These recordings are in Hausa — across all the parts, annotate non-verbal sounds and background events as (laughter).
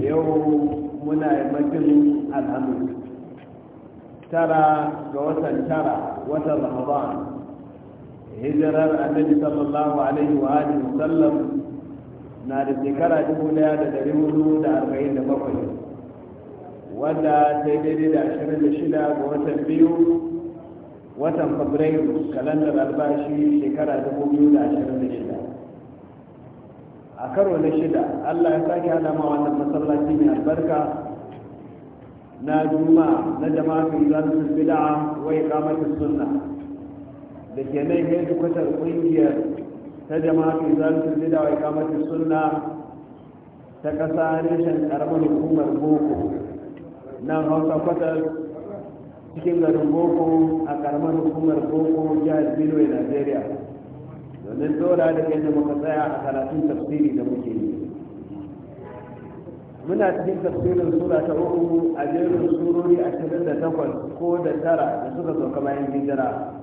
yau muna yi yammacin alhamis tara ga watan tara watan ramadan hijirar annabi sallallahu alaihi wa alihi wasallam na da shekara dubu daya da dari hudu da arba'in da bakwai wanda ta yi daidai da ashirin da shida ga watan biyu watan fabrairu kalandar albashi shekara dubu biyu da ashirin da shida a karo na shida allah ya sake hada ma wannan masallaci mai albarka na juma na jama'atun zanzun bid'a wai iqamatu sunna da ke nan yadda kwatar kungiyar ta jama'atun zanzun bid'a wai iqamatu sunna ta kasa reshen karamar hukumar boko nan hausa kwatar cikin garin boko a karamar hukumar boko jihar benue nigeria domin dora da yadda muka tsaya a karatun tafsiri da muke yi muna cikin tafsirin sura ta uku a jerin surori ashirin da takwas ko da tara da suka sauka bayan hijira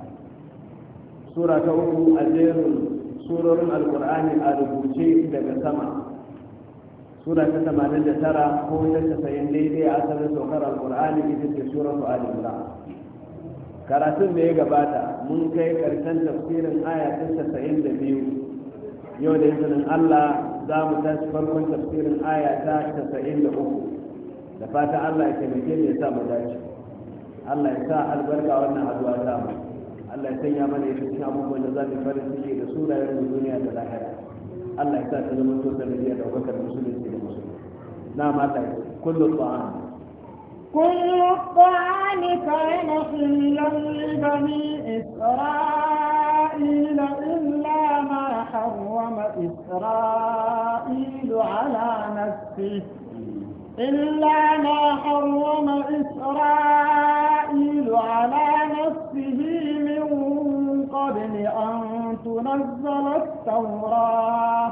sura ta uku a jerin surorin alkur'ani a rubuce daga sama sura ta tamanin da tara ko ta tasayin daidai a asalin saukar alkur'ani ita ce sura su alimra karatun da ya gabata mun kai karshen tafsirin aya ta biyu yau da izinin Allah za mu tashi farkon tafsirin aya ta uku da fata Allah ya taimake ne ya sa mu dace Allah ya sa albarka wannan haduwa ta mu Allah ya sanya mana ya cikin abubuwan da za mu farin ciki da sunayen mu duniya da lahira Allah ya sa ta zama da to da wakar musulunci da musulunci na mata kullum ba'a كل الطعام كان حلا لبني إسرائيل إلا ما حرم إسرائيل على نفسه إلا ما حرم إسرائيل على نفسه من قبل أن تنزل التوراة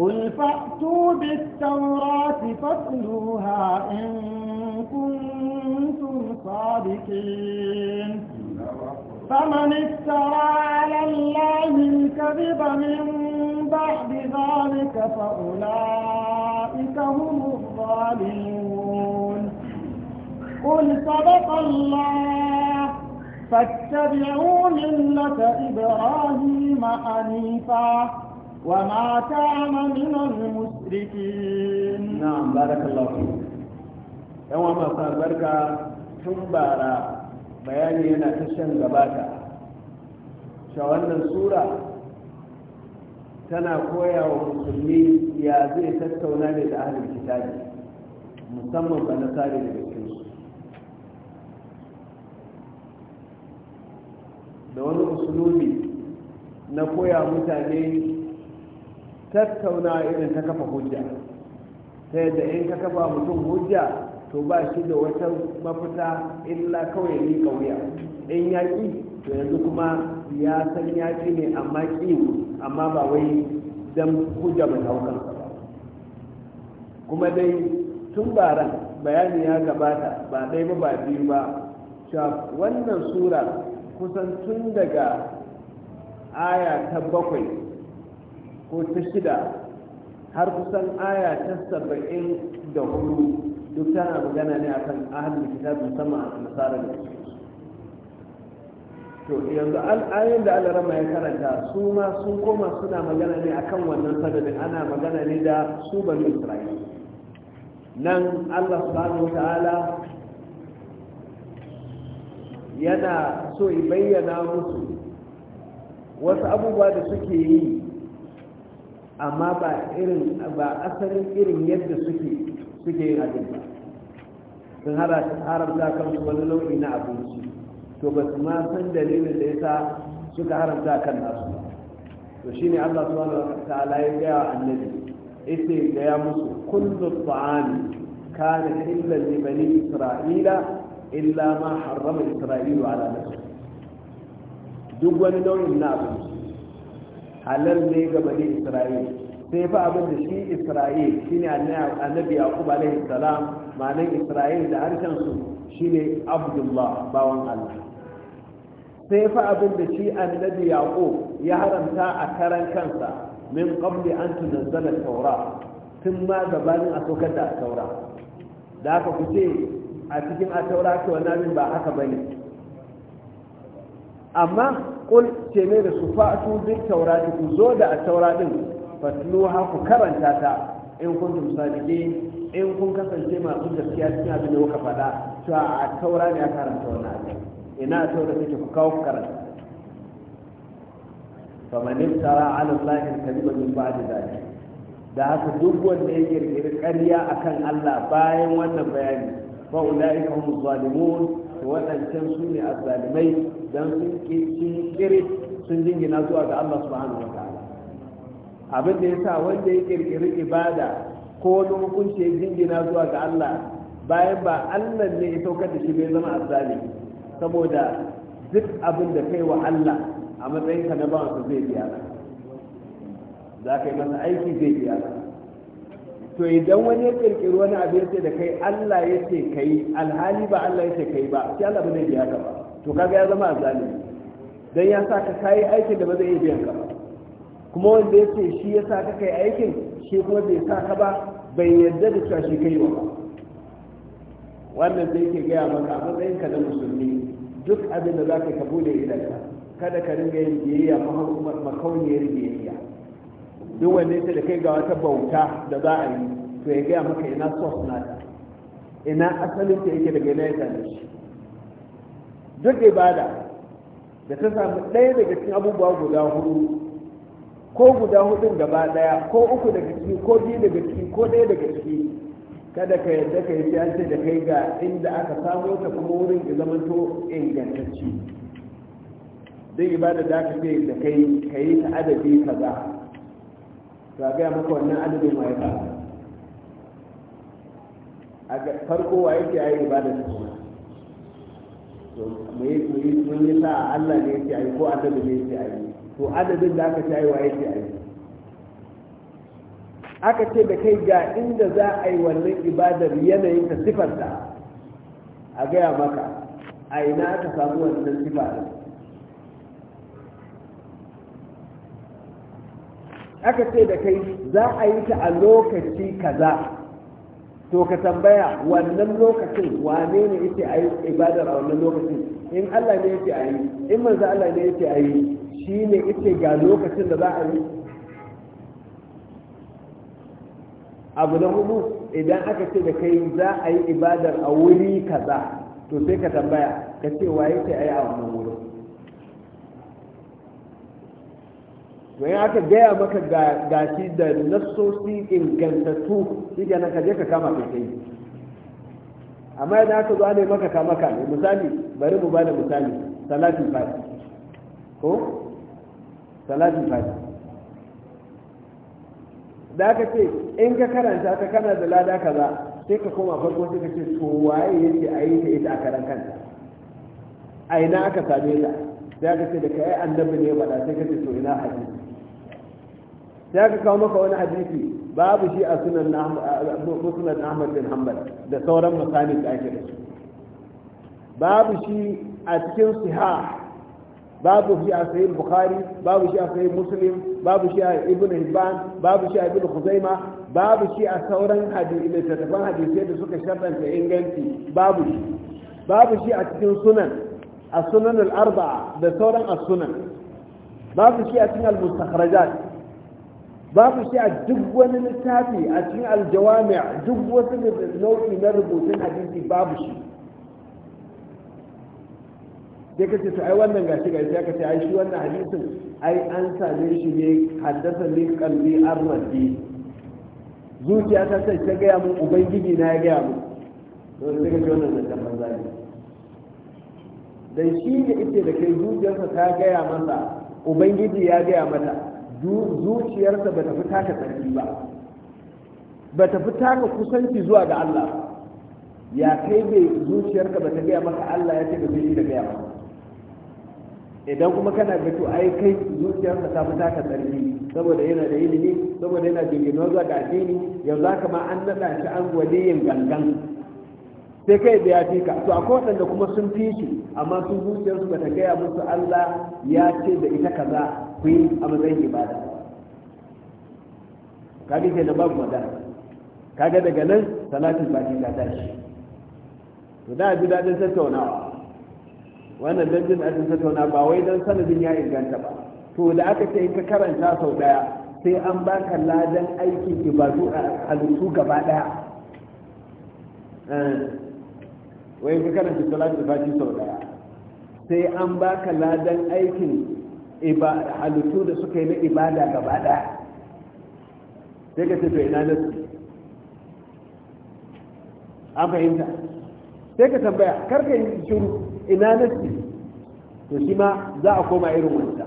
قل فأتوا بالتوراة فاتلوها إن كنتم صادقين فمن افترى على الله الكذب من بعد ذلك فأولئك هم الظالمون قل صدق الله فاتبعوا ملة إبراهيم حنيفاً وما كان من المشركين نعم بارك الله فيك yawan masu albarka tun bara bayani yana ta shan gabata sha wannan sura tana koyawa musulmi ya zai tattauna ne da ahalin kitabi musamman ba na da bikinsu da wani usulumi na koya mutane tattauna irin ta kafa hujja ta yadda in ka kafa mutum hujja to ba shi da wata mafita illa kawai ni kauya in ya ƙi to yanzu kuma ya san ya ƙi ne amma ƙi amma ba wai don hujja mai haukan ba kuma dai tun bara bayani ya gabata ba dai ba ba biyu ba wannan sura kusan tun daga aya ta bakwai ko ta shida har kusan aya ta saba'in da hudu duk tana magana ne akan ahalin kitab musamman a nasara da to yanzu al'ayoyin da alarama ya karanta su ma sun koma suna magana ne akan wannan sadadin ana magana ne da su bani isra'ila nan allah subhanahu ta'ala yana so ya bayyana musu wasu abubuwa da suke yi amma ba irin ba asalin irin yadda suke suke yin abin ba sun haramta kansu wani nau'i na abinci to ba su ma san dalilin da yasa suka haramta kan nasu to shine Allah subhanahu wa ta'ala ya ga annabi yace ga ya musu kullu ta'ami kana illa li bani isra'ila illa ma harrama isra'ilu ala nafsi duk wani nau'in na abinci halal ne ga bani isra'il sai fa abin da shi isra'il shine annabi yaqub alaihi salam ma'anar isra'il da harshen su shine abdullah bawan allah sai fa abin da shi annabi yaqub ya haramta a karan kansa min qabli an tunazzala taura tun ma gabanin a saukar da taura da aka ku a cikin a taura ce wannan ba haka bane amma kul ce ne da su fa'atu duk taurati ku zo da taura din ha ku karanta ta in kuntum sadiqin in kun kasance masu gaskiya cikin abin da kuka faɗa to a taura ne a karanta wannan abin ina da take ku kawo ku karanta faman iftara ala allahi kadiba min ba'di dhalik da haka duk wanda ya kirkiri ƙarya akan Allah bayan wannan bayani fa ulaika humu zalimun waɗancan su ne azzalimai don sun kiri sun jingina zuwa ga Allah subhanahu ta'ala abin da ya sa wanda ya kirkiri ibada ko wani hukunci ya jingina zuwa ga Allah bayan ba Allah ne ya saukar da shi bai zama azzalimi saboda duk abin da kai wa Allah a matsayinka na bawansa zai biya za ka yi masa aiki zai biya ba. to idan wani ya kirkiri wani abu ya ce da kai Allah ya ce kai alhali ba Allah ya ce kai ba sai Allah ba zai biya ka ba to kaga ya zama azalimi dan ya sa ka kai aikin da ba zai iya biyan ka ba kuma wanda ya ce shi ya sa ka kai aikin shi kuma bai sa ka ba bai yarda da cewa shi kai ba wannan zai ke gaya maka a matsayin ka na musulmi duk abin da za ka ka idan ka, kada ka ringa yin biyayya makauniyar biyayya duk wanda ya da kai ga wata bauta da za a yi to ya gaya maka ina sos nata ina asalin ta yake daga ina ya same shi duk ibada da ta samu ɗaya daga cikin abubuwa guda hudu ko guda hudun gaba ɗaya ko uku daga ciki ko biyu daga ciki ko ɗaya daga ciki kada ka yadda ka yi an da kai ga inda aka samo ta kuma wurin ya zamanto ingantacci duk ibada da aka ce da kai ka yi ta adabi kaza to a gaya maka wannan adadin wa ya fara a farko wa yake a yi ibada ta kuma to mun yi sa Allah ne yake a yi ko annabi ne yake a yi to adadin da aka ce a yi wa yake a yi aka ce da kai ga inda za a yi wannan ibadar yanayin ta sifarta a gaya maka a ina aka samu wannan sifa aka ce da kai za a yi ta a lokaci kaza to ka tambaya wannan lokacin wane ne yake a yi ibadar a wannan lokacin in Allah ne yake a yi in manzo Allah ne yake a yi shi ne yake ga lokacin da za a yi abu na hudu idan aka ce da kai za a yi ibadar a wuri kaza to sai ka tambaya ka ce waye ce a yi a wannan wurin wani aka gaya maka gashi da nassosi ingantattu shi ke nan kaje ka kama kai kai amma idan aka zo ne maka kama ka ne misali bari mu bada misali salatin fati ko salatin fati da aka ce in ka karanta ta kana da lada kaza sai ka koma farko sai ka ce to waye yake a yi ta ita a karan kanta a ina aka same ta sai aka ce da ka yi annabi ne da sai ka ce to ina hadisi sai aka kawo maka wani hadisi babu shi a sunan musnad ahmad bin hanbal da sauran masani da ake da su babu shi a cikin siha babu shi a sayin bukhari babu shi a sayin muslim babu shi a ibn hibban babu shi a ibn khuzaima babu shi a sauran hadisi da tafan hadisi da suka sharɗanta inganci babu shi babu shi a cikin sunan a sunan al-arba'a da sauran as-sunan babu shi a cikin al-mustakhrajat babu shi a duk wani littafi a cikin aljawami a duk wasu nau'i na rubutun hadisi babu shi sai ka ce to ai wannan gashi gashi ka ce ai shi wannan hadisin ai an same shi ne haddasa ne kalbi arnabi zuciya ta sai ta gaya mun ubangiji na ya gaya mun don sai ka ce wannan zancen banza ne dan shi ne ita da kai zuciyarsa ta gaya masa ubangiji ya gaya mata zuciyarsa ba ta fi taka tsarki ba ba ta fi taka kusanci zuwa ga Allah ya kai bai zuciyarka ba ta gaya maka Allah ya ce ba zai da gaya maka idan kuma kana ga to ai kai zuciyarka ta fi taka tsarki saboda yana da ilimi saboda yana jinginuwa zuwa ga addini yanzu haka ma an naɗa shi an yin gangan sai kai da ya fi ka to akwai waɗanda kuma sun fi shi amma sun zuciyar ba ta gaya musu Allah ya ce da ita kaza ku yi a matsayin ibada kaga ke da babu magana kaga daga nan salatin baki ta tashi to da ji daɗin tattaunawa wannan dan jin daɗin tattaunawa ba wai dan sanadin ya inganta ba to da aka ce in ka karanta sau ɗaya sai an baka ladan aikin ibadu a halittu gaba ɗaya eh. wai ka karanta salatu fati sau daya sai an baka ladan aikin halittu da suka yi na ibada gaba daya sai ka tafi ina su an fahimta sai ka tambaya karka yi shuru ina su to shi ma za a koma irin wanda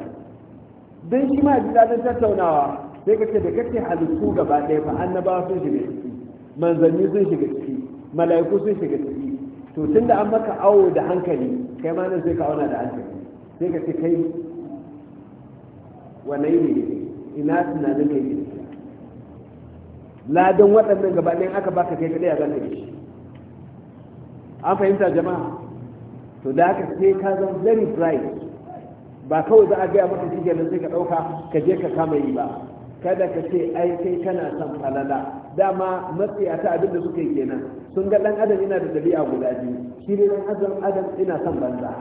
don shi ma ji dadin tattaunawa sai ka ce da kake halittu gaba ɗaya fa annabawa sun shiga ciki manzanni sun shiga ciki mala'iku sun shiga ciki to tun da an maka awo da hankali kai ma nan sai ka auna da hankali sai ka ce kai wane ne ina tunanin kai ne ladan waɗannan gaba ɗayan aka baka kai kaɗai a zan shi an fahimta jama'a to da haka sai ka zan very bright ba kawai za a gaya maka shi kenan sai ka ɗauka ka je ka kama yi ba kada ka ce ai kai kana son falala dama matsiyata abin da suka yi kenan sun ga dan adam ina da dabi'a guda biyu shi ne dan adam adam ina son banza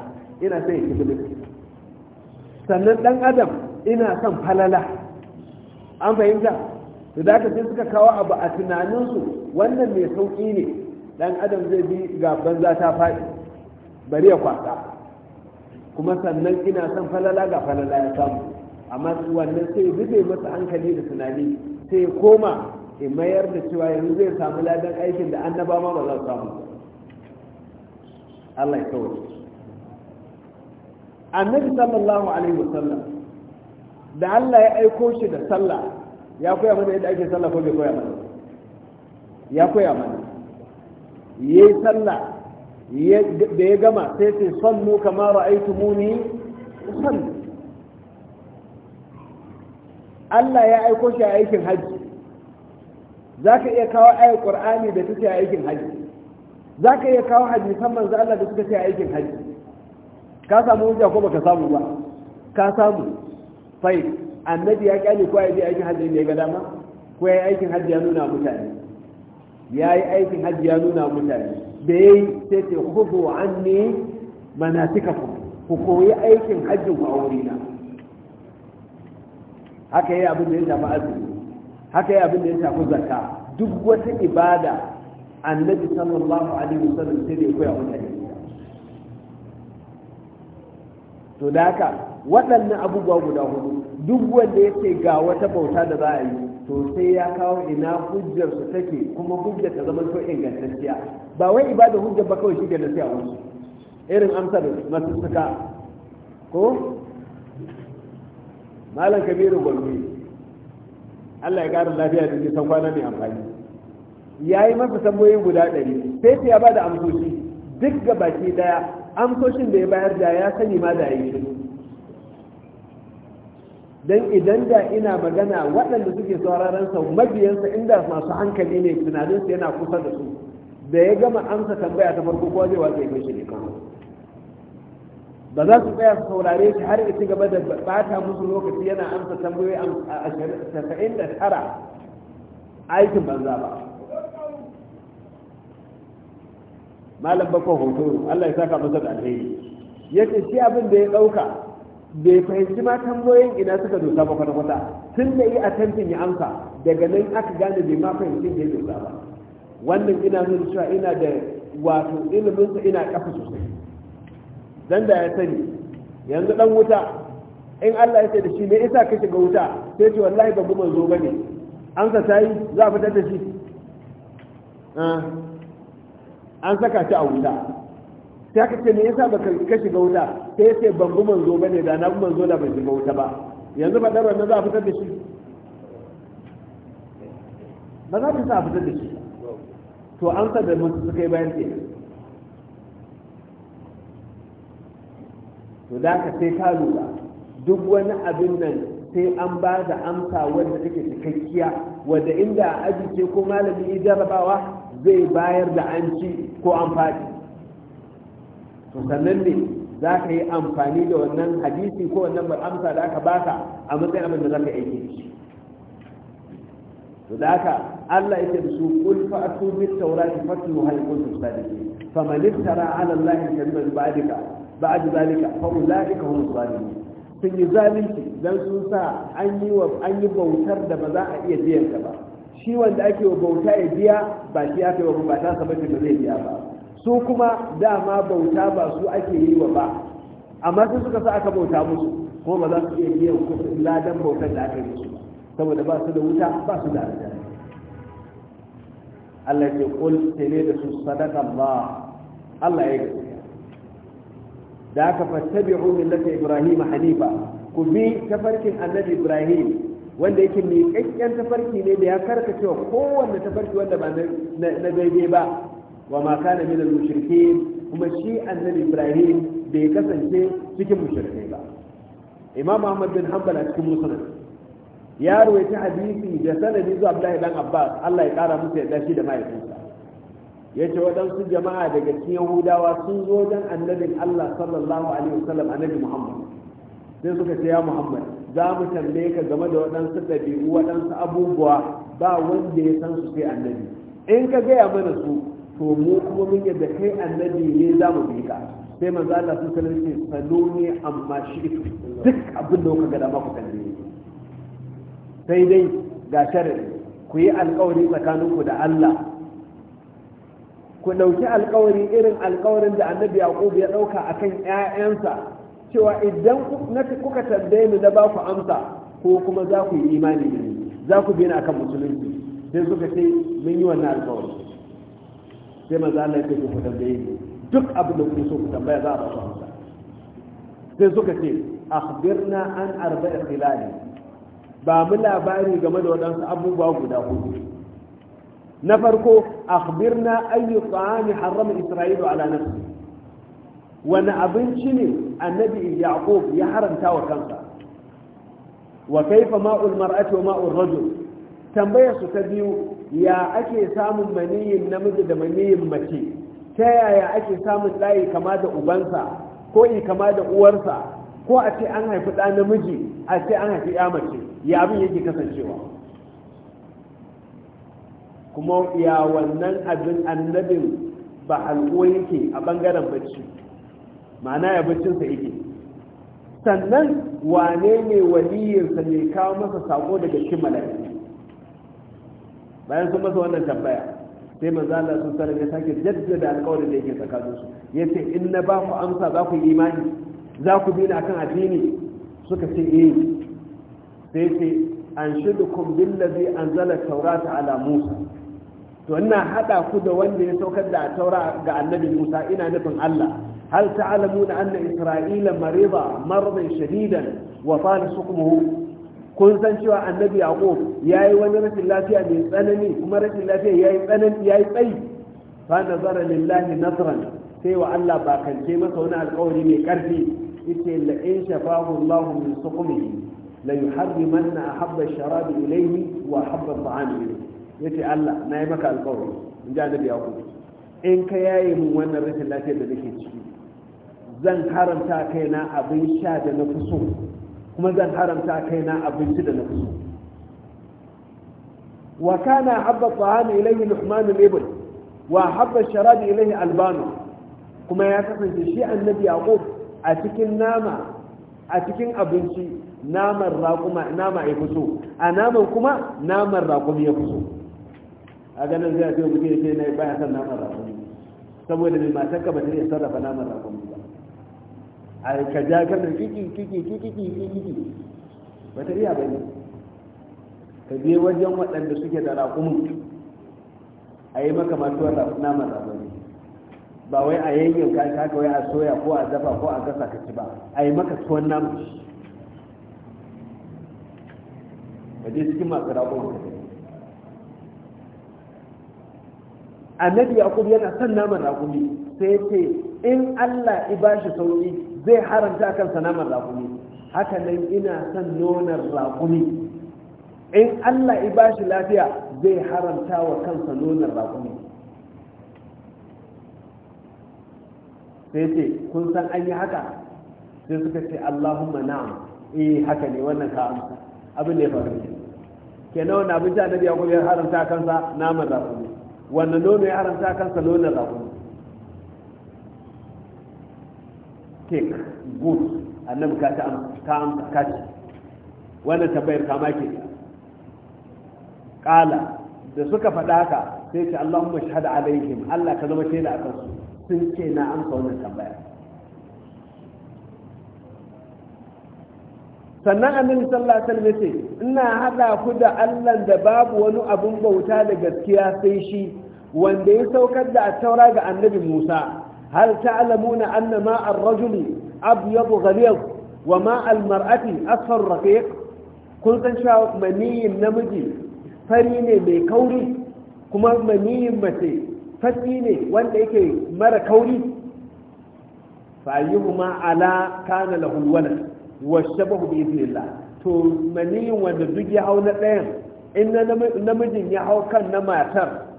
ina son kibilis sannan dan adam ina son falala an fahimta to da sai suka kawo abu a tunaninsu wannan mai sauki ne dan adam zai bi ga banza ta faɗi bari ya kwasa kuma sannan ina son falala ga falala ya samu amma wannan sai zube masa hankali da tunani sai koma ya mayar da cewa yanzu zai samu ladan aikin da annaba ma ba za su samu Allah ya kawai annabi sallallahu alaihi wasallam da Allah ya aiko shi da sallah ya koya mana yadda ake sallah ko bai koya mana ya koya mana yayi sallah da ya gama sai sai sallu kamar ra'aytumuni sallu Allah ya aiko shi a aikin hajji za ka iya kawo ayar ƙur'ani da suke a aikin hajji za ka iya kawo hadisan manzo Allah da suka ce a aikin hajji ka samu hujja ko baka samu ba ka samu fai annabi ya kyale ko ya je aikin hajji ne ga dama ko ya yi aikin hajji ya nuna mutane ya yi aikin hajji ya nuna mutane da ya yi sai ce wa an ne manasikakum ku koyi aikin hajji ku a wurina haka yi abin da ya shafi azumi haka yi abin da ya shafi zakka duk wata ibada annabi sallallahu alaihi wasallam sai da ya koya mutane to da haka waɗannan abubuwa guda hudu duk wanda ya ce ga wata bauta da za a yi to sai ya kawo ina hujjar su take kuma hujjar ta zama to ingantacciya ba wai ibada hujjar ba kawai shi ke da sai a wasu irin amsar masu suka ko malam kabiru gwalmi allah ya ƙara lafiya da nisan kwana mai amfani ya yi masa tambayoyi guda ɗari sai ya ba da amsoshi duk ga baki ɗaya amsoshin da ya bayar da ya sani ma da ya yi don idan da ina magana waɗanda suke sauraron sa mabiyansa inda masu hankali ne tunaninsa yana kusa da su da ya gama amsa tambaya ta farko ko zai watsa ya kai shi ne kan ba za su tsaya su saurare shi har ya ci gaba da bata musu lokaci yana amsa tambayoyi a tasa'in da tara aikin banza ba malam bakon hoto Allah ya saka masa da alheri ya ce shi abin da ya ɗauka bai fahimci ma tambayoyin ina suka dosa ba kwata-kwata tun da yi attempting ya amsa daga nan aka gane bai ma fahimci da ya dosa ba wannan ina nuna cewa ina da wato iliminsa ina kafa sosai dan da ya sani yanzu dan wuta in Allah ya ce da shi me yasa ka shiga wuta sai ce wallahi ban gumar zo bane an ka tayi za a fitar da shi ah, an saka shi a wuta sai ka ce me yasa baka ka shiga wuta sai ya ce ban gumar zo bane da na gumar zo da ban shiga wuta ba yanzu ba dan wannan za a fitar da shi ba za ta sa a fitar da shi to an sa da mun suka yi bayan kenan to da ka sai ka lura duk wani abin nan sai an ba da amsa wadda take cikakkiya wadda inda aji ce ko malami ya jarabawa zai bayar da an ci ko an faɗi to sannan ne za ka yi amfani da wannan hadisi ko wannan bar amsa da aka baka a matsayin abin da za ka yi aiki da shi to da haka Allah yake da su kul fa atu bit tawrati fatlu hal kuntum sadiqin faman iftara ala allahi kadiban ba'dika ba'da zalika fa ulaika hum zalimun sun yi zalunci dan sun sa an yi bautar da ba za a iya biyan ta ba shi wanda ake wa bauta ya biya ba shi ya kai wa ba ta saba ba zai biya ba su kuma dama bauta ba su ake yi wa ba amma sun suka sa aka bauta musu ko ba za su iya biyan kuɗin ladan bautar da aka yi musu saboda ba su da wuta ba su da aljanna Allah ya ce kul tele da su sadaka Allah Allah ya da aka fattabi'u millata ibrahim hanifa ku bi tafarkin annabi ibrahim wanda yake miƙaƙƙen tafarki ne da ya karkacewa wa kowanne tafarki wanda ba na daidai ba wa ma kana minal mushrikin kuma shi annabi ibrahim bai kasance cikin mushrikai ba imam ahmad bin hanbal a cikin musnad ya rawaita hadisi da sanadi zuwa abdullahi dan abbas Allah ya kara musu ya shi da mahaifinsa yace waɗansu jama'a daga cikin yahudawa sun zo wajen annabin allah sallallahu alaihi wasallam annabi muhammad sai suka ce ya muhammad za mu tambaye ka game da waɗansu ɗabi'u waɗansu abubuwa ba wanda ya san su sai annabi in ka gaya mana su to mu kuma mun yadda kai annabi ne za mu bi ka sai manzo Allah sun sanar ce ne amma shi duk abin da kuka ga dama ku kalle sai dai ga sharri ku yi alƙawari tsakaninku da Allah ku ɗauki alkawari irin alkawarin da annabi yaqub ya ɗauka akan ƴaƴansa cewa idan kuka tambaye ni na ba ku amsa ko kuma za ku yi imani da ni za ku bi ni akan musulunci sai suka ce mun yi wannan alkawari sai maza Allah ya ce ku tambaye ni duk abin da kuke so ku tambaya za a ba ku amsa sai suka ce akhbirna an arba'a khilali ba mu labari game da waɗansu abubuwa guda hudu na farko akhbirna ayyu ta'ami harrama isra'ilu ala nafsi wani abinci ne annabi yaqub ya haramta wa kansa wa kaifa ma'ul mar'ati wa ma'ul rajul su ta biyu ya ake samun maniyin namiji da maniyin mace ta yaya ake samun ɗayi kama da ubansa ko i kama da uwarsa ko a ce an haifi ɗa namiji a ce an haifi ya mace ya abin yake kasancewa kuma ya wannan abin annabin ba halkuwa yake a bangaren bacci ma'ana ya baccinsa yake sannan wane ne waliyinsa ne kawo masa sako daga cikin mala'iku bayan sun masa wannan tambaya sai manzo sun sanar ya sake jaddada alƙawarin da yake tsakanin su yace in na ba ku amsa za ku imani za ku bi ni akan addini suka ce eh sai ce anshidukum billazi anzala tawrata ala musa to ina hada ku da wanda ya saukar da taura ga annabi Musa ina nufin Allah hal ta'lamuna anna isra'ila marida Marban, shadidan wa tala sukmuhu kun san cewa annabi yaqub yayi wani rashin lafiya mai tsanani kuma rashin lafiya yayi tsanani yayi tsayi fa nazara lillahi nasran sai wa Allah ba kance masa wani alƙawari mai karfi yace la in shafahu Allah min sukmihi la yuharrimanna ahabba sharabi ilayhi wa ahabba ta'ami ilayhi ya Allah na yi maka alkawari in ji annabi ya kuma in ka yaye min wannan rashin lafiyar da nake ciki zan haramta kaina abin sha da na fi kuma zan haramta kaina abinci da na fi so wa kana habba ta'ami ilayhi luhman ibn wa habba sharab ilayhi albanu kuma ya kasance shi annabi yaqub a cikin nama a cikin abinci naman raƙuma nama ya fito a naman kuma naman raƙumi ya fito a ganin zai ce mutum ya ce na baya son naman rakumi saboda mai ka ba ta iya sarrafa naman rakumi ba a ka ja ka da kiki kiki kiki kiki kiki ba ta iya ba ne ka je wajen waɗanda suke da rakumin a yi maka masu naman rakumi ba wai a yayin ka ka kawai a soya ko a dafa ko a gasa ka ci ba a yi maka tuwon naman ba je cikin masu rakumi ka annabi yaqub yana son naman raƙumi sai ce in Allah i shi sauki zai haramta kansa naman raƙumi haka nan ina son nonon raƙumi in Allah i shi lafiya zai haramta wa kansa nonon raƙumi sai ce kun san an yi haka sai suka ce Allahumma na'am eh haka ne wannan ka amsa abin da ya faru kenan wannan abin da annabi yaqub ya haramta kansa naman raƙumi wannan nono ya haramta kansa nonon raƙumi kek gut annabi ka ta amsa ka ci wannan tabbayar kama ke kala da suka faɗa ka sai ce Allahumma shahada alaihim Allah ka zama shaida a kansu sun ce na amsa wannan tambaya sannan annabi sallallahu alaihi wasallam ce ina haɗa ku da Allah da babu wani abin bauta da gaskiya sai shi wanda ya saukar da attaura ga annabi Musa hal ta'lamuna anna ma ar-rajuli abyad ghalid wa ma al-mar'ati asfar raqiq kun san cewa maniyin namiji fari ne mai kauri kuma maniyin mace fasi ne wanda yake mara kauri fayyuhuma ala kana lahu walad wa shabahu bi idnillah to maniyin wanda duk ya hau na ɗayan in namijin ya hau kan na matar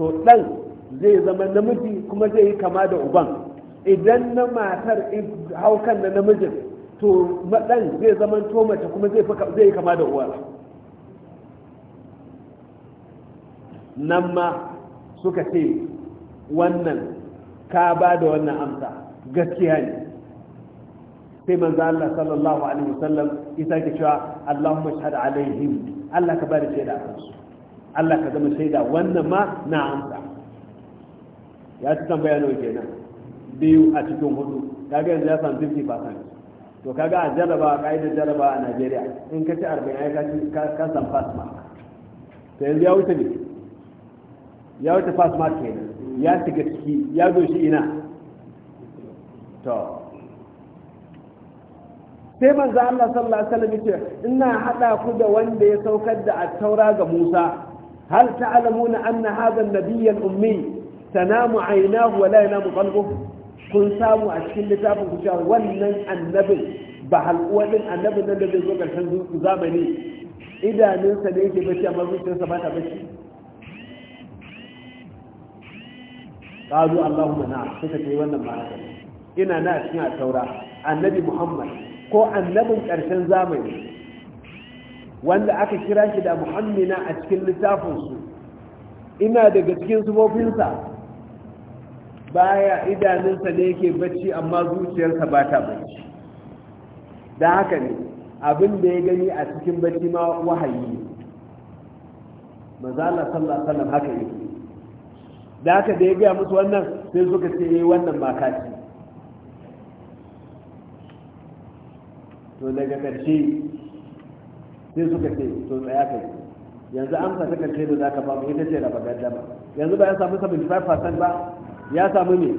to ɗan zai zama namiji kuma zai yi kama da uban idan na matar haukan na namijin to ɗan zai zama to mace kuma zai yi kama da uwa nan ma suka ce wannan ka ba da wannan amsa gaskiya ne sai manzo Allah sallallahu alaihi wasallam isa ke cewa Allahumma shahad alaihim Allah ka bada shaida a kansu Allah ka zama shaida wannan ma na amsa ya ci tambaya nawa kenan biyu a cikin hudu kaga yanzu ya samu 50% to kaga a jaraba a ka'idar jaraba a Najeriya in ka ci 40 ai ka ka san pass mark to yanzu ya wuce ne ya wuce pass mark kenan ya shiga ciki ya shi ina to sai manzo Allah sallallahu alaihi wasallam ce. ina hada ku da wanda ya saukar da taura ga Musa هل تعلمون أن هذا النبي الأمي تنام عيناه ولا ينام قلبه كن سامو أشكل لتابه كشار ولن النبي بحل ولن النبي الذي يزوك الحنزو زامني إذا ننسى ليك بشي أما بشي سبات بشي قالوا اللهم نعم فتكي ولن ما إنا ناشنا نعم، نعم، التوراة النبي محمد كو النبي الحنزو زامني wanda aka kira shi da muhammina a cikin littafinsu ina daga cikin sufofinsa baya idanunsa ne yake bacci amma zuciyarsa ba ta bacci da haka ne abin da ya gani a cikin bacci ma wahayi ne mazala sallallahu sallam haka yake da haka da ya gaya musu wannan sai suka ce yi eh, wannan ma kaci to daga ƙarshe sai suka ce to tsaya kai yanzu amsa kan kai da zaka ba mu ita ce raba gaddama yanzu ba ya samu 75% ba ya samu ne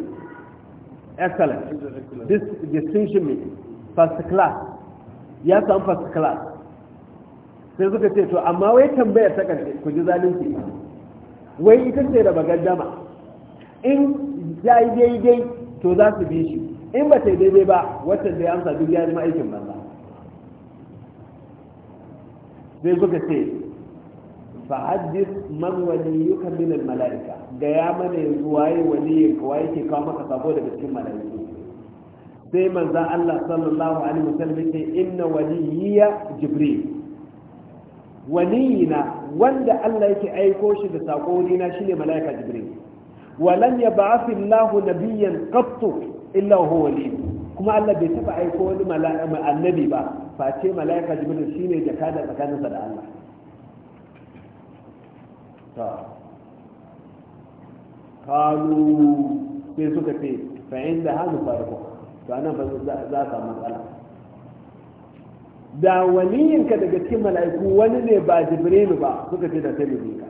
excellent this distinction me first class ya samu first class sai suka ce to amma wai tambayar ta kan ku ji zalunci wai ita ce raba gaddama in ya yi daidai to za su bi shi in ba ta yi daidai ba wacce da ya amsa duk ya yi aikin banza sai suka ce fahaddis man waliyuka min al malaika ga ya mana yanzu waye wani ka kawo maka sako daga cikin malaiku sai manzon Allah sallallahu alaihi wasallam ya inna waliyya jibril waliyina wanda Allah yake aiko shi da sako dina shine malaika jibril walan yab'athillahu nabiyyan qattu illa huwa waliyyu kuma Allah bai taba aiko wani mala'ika annabi ba face mala'ika jibril shine da tsakaninsa da Allah ta kanu sai suka ce fa inda hanu farko to anan ba za ka matsala da waliyinka daga cikin mala'iku wani ne ba jibrilu ba suka ce da sai ka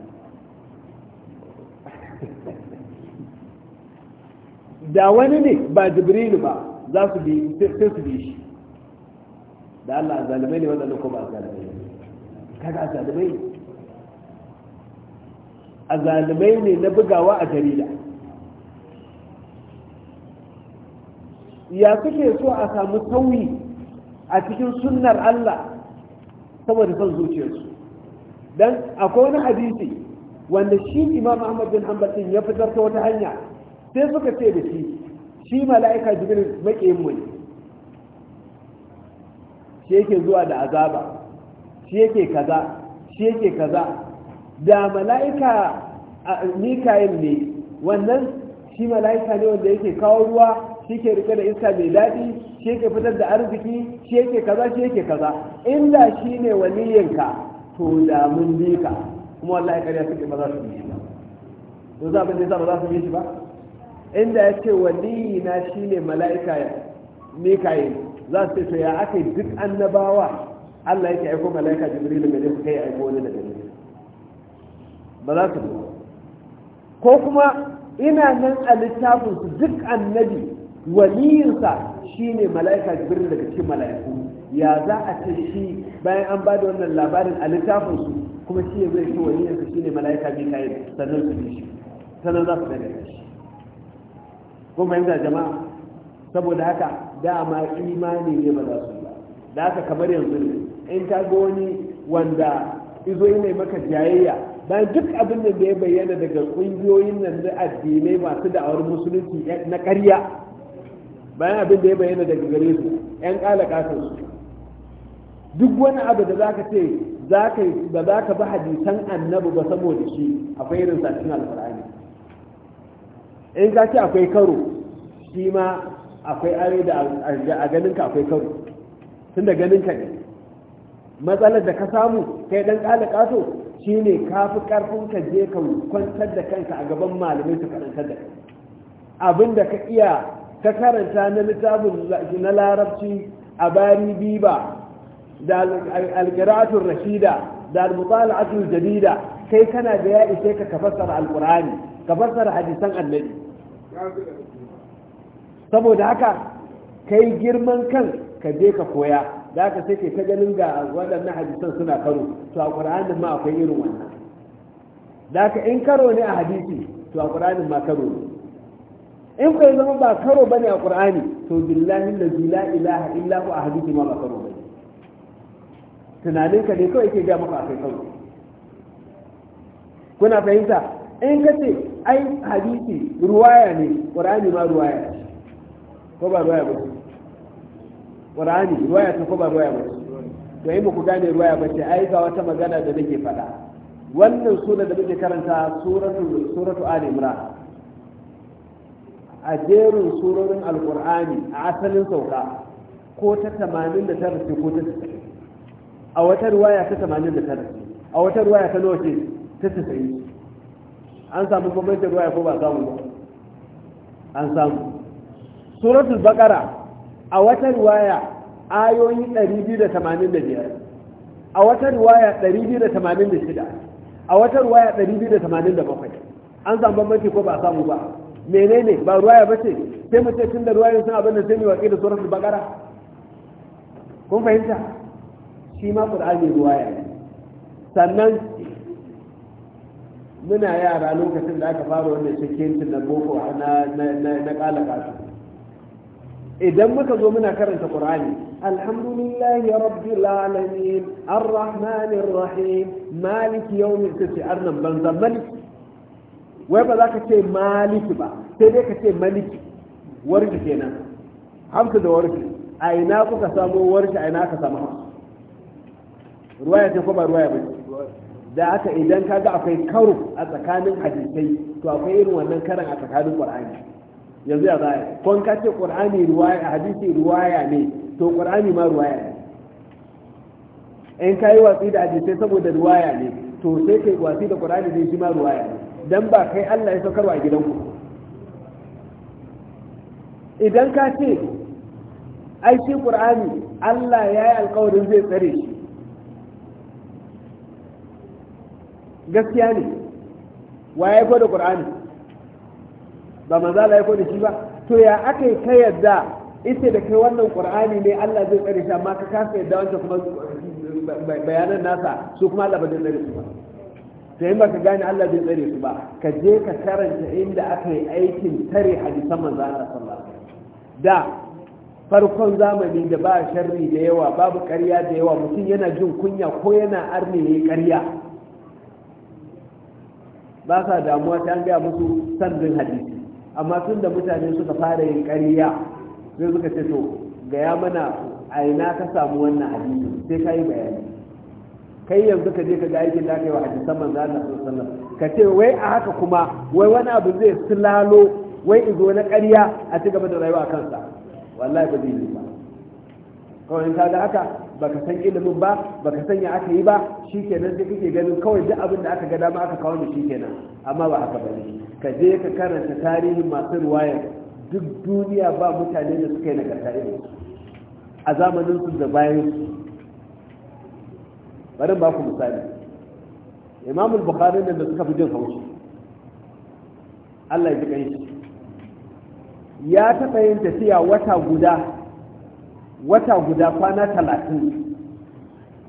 (laughs) da wani ne ba jibrilu ba za su bi sai su bi shi da Allah azalimai ne waɗanda kuma azalimai kaga azalimai azalimai ne na bugawa a jarida ya suke so a samu sauyi a cikin sunnar Allah saboda son zuciyarsu dan akwai wani hadisi wanda shi imam ahmad bin hanbal ya fitar ta wata hanya sai suka ce da shi shi mala'ika jibril maƙe mu ne shi yake zuwa da azaba shi yake kaza shi yake kaza da mala'ika mikayin ne wannan shi mala'ika ne wanda yake kawo ruwa shi ke rike da iska mai daɗi shi yake fitar da arziki shi yake kaza shi yake kaza inda shi ne waliyinka to da mun bi ka kuma wallahi kariya suke ba za su yi shi ba to za ba za su yi shi ba inda ya ce waliyi na ne mala'ika mikaye za su ce ya aka yi duk annabawa Allah yake aiko mala'ika jibril gare su kai aiko wani daga ne ba za su ko kuma ina nan a littafin su duk annabi waliyinsa ne mala'ika jibril daga cikin mala'iku ya za a ce shi bayan an ba da wannan labarin a littafin su kuma shi ya zai ce waliyinsa shine mala'ika mikaye sannan su bi shi sannan za su daga shi ko fahimta jama'a saboda haka dama imani ne ba za su ba da haka kamar yanzu ne in ka ga wani wanda izo ne maka jayayya bayan duk abin da ya bayyana daga kungiyoyin nan da addinai masu da'awar musulunci na ƙarya bayan abin da ya bayyana daga gare su 'yan ƙala ƙasarsu duk wani abu da zaka ce ba za ka bi hadisan annabi ba saboda shi akwai irin satin alfara'i in ka ce akwai karo shi ma akwai are da a ganinka akwai karo tun da ganinka ne matsalar da ka samu kai dan kala kato shi ne ka fi karfin ka je ka kwantar da kanka a gaban malamai su karantar da Abinda ka iya ka karanta na littafin na larabci a bari biba da algiratun rashida da almutala'atul jadida kai kana da ya ishe ka ka fassara alƙur'ani ka fassara hadisan annabi saboda haka kai girman kan ka je ka koya da ka sai ke ta ganin ga waɗannan hadisan suna karo to a ƙur'anin ma akwai irin wannan da haka in karo ne a hadisi to a ƙur'anin ma karo ne in kai zama ba karo bane a ƙur'ani to billahi la ilaha illa hu a hadisi ma ba karo bane tunaninka ne kawai ke ga maka akai karo kuna fahimta in ka ce ai hadisi ruwaya ne qur'ani ma ruwaya ko ba ruwaya ba qur'ani ruwaya ta ko ba ruwaya ba to yi ku gane ruwaya ba ce ai ga wata magana da nake faɗa wannan sura da muke karanta suratu suratu ali imran a jerin surorin alkur'ani a asalin sauka ko ta 89 ce ko ta a wata ruwaya ta 89 a wata ruwaya ta nawa ce ta 90 an samu bambancin ruwaya ko ba samu ba an samu suratul bakara, a wata ruwaya ayoyi 285 a wata ruwaya 286 a wata ruwaya 287 an samu bambanci ko ba samu ba menene ba ruwaya ba ce sai mu ce tun da ruwayoyin sun abin da sai mu waƙi da suratul bakara? kun fahimta shi ma qur'ani ruwaya ne sannan muna yara lokacin da aka fara wannan shakiyancin na boko na na kalaka su idan muka zo muna karanta qur'ani alhamdulillahi rabbil alamin arrahmanir rahim malik yawmin kace arnan banza malik wai ba za ka ce malik ba sai dai ka ce malik warki kenan hamsa da warki a ina kuka samo warki a ina ka samu ruwaya ce ko ba ruwaya ba da aka idan kaga akwai karo a tsakanin hadisai to akwai irin wannan karan a tsakanin qur'ani yanzu ya zai kon ka ce qur'ani ruwaya hadisi ruwaya ne to qur'ani ma ruwaya ne in kai watsi da hadisai saboda ruwaya ne to sai kai wasi da qur'ani ne shi ma ruwaya. ne dan ba kai Allah ya saukarwa a gidanku idan ka ce ai shi qur'ani Allah ya yi alƙawarin zai tsare shi gaskiya ne wa ya da ƙur'ani? ba manzo Allah ya da shi ba to ya aka yi ka yadda ita da kai wannan ƙur'ani ne Allah zai tsare shi amma ka kasa yadda wancan kuma bayanan nasa su kuma Allah ba tsare su ba sai ba ka gane Allah zai tsare su ba ka je ka karanta inda aka yi aikin tare hadisan manzo Allah da farkon zamani da ba sharri da yawa babu karya da yawa mutum yana jin kunya ko yana arne ne ƙarya ba sa damuwa ta an gaya musu sandin hadisi amma tun da mutane suka fara yin ƙarya sai suka ce to gaya mana a ina ka samu wannan hadisi sai ka yi bayani kai yanzu ka je ka ga aikin da aka yi wa hadisan manzo Allah sallallahu ka ce wai a haka kuma wai wani abu zai silalo wai izo na ƙarya a ci gaba da rayuwa kansa wallahi ba zai yi ba kawai in ka ga haka baka san ilimin ba baka san ya aka yi ba shikenan sai kake ganin kawai duk abin da aka ga dama aka kawo shi kenan amma ba haka bane ka je ka karanta tarihin masu ruwayar duk duniya ba mutane da suka yi nagarta irin a zamanin su da bayan su bari ba ku misali imamul bukhari da suka fi jin haushi Allah ya ji kai ya taɓa yin tafiya wata guda wata guda kwana talatin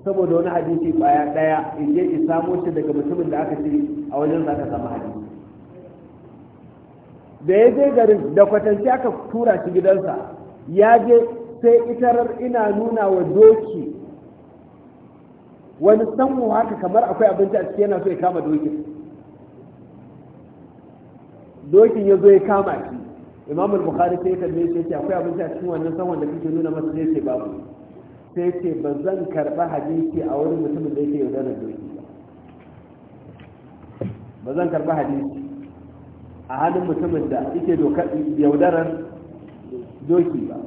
saboda wani hadisi baya daya in je in samo shi daga mutumin da aka ce a wajen za ka zama hadisi da ya je garin da kwatanci aka tura shi gidansa ya je sai itarar ina nuna wa doki wani sanmu haka kamar akwai abinci a ciki yana so ya kama dokin dokin ya zo ya kama shi imam al-bukhari sai kalle shi yace akwai abinci a cikin wannan sanwan da kike nuna masa sai babu sai ce ba zan karba hadisi a wurin mutumin da yake yaudarar doki ba zan karba hadisi a halin mutumin da yake yaudarar doki ba